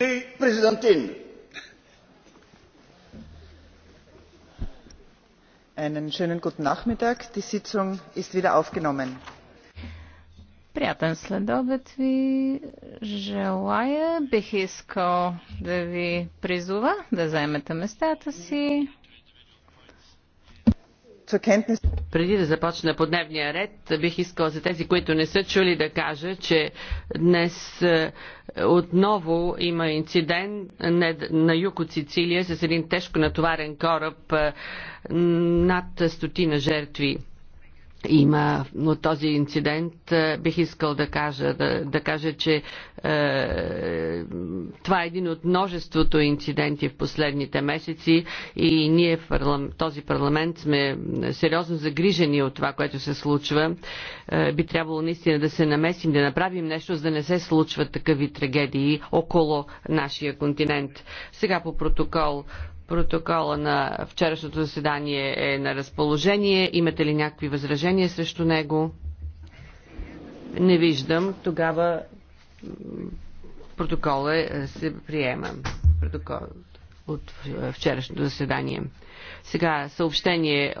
die Präsidentin! Einen schönen guten Nachmittag. Die Sitzung ist wieder aufgenommen. Приятен следобед ви желая. Бих искал да ви призова да заемете местата си. Преди да започна по дневния ред, бих искал за тези, които не са чули да кажа, че днес е, отново има инцидент на юг от Сицилия с един тежко натоварен кораб е, над стотина жертви има от този инцидент. Е, бих искал да кажа, да, да кажа че това е един от множеството инциденти в последните месеци и ние в този парламент сме сериозно загрижени от това, което се случва. Е, би трябвало наистина да се намесим, да направим нещо, за да не се случват такъви трагедии около нашия континент. Сега по протокол Протокола на вчерашното заседание е на разположение. Имате ли някакви възражения срещу него? Не виждам. Тогава Протокола е, е, се приема. Протокол от е, вчерашното заседание. Сега съобщение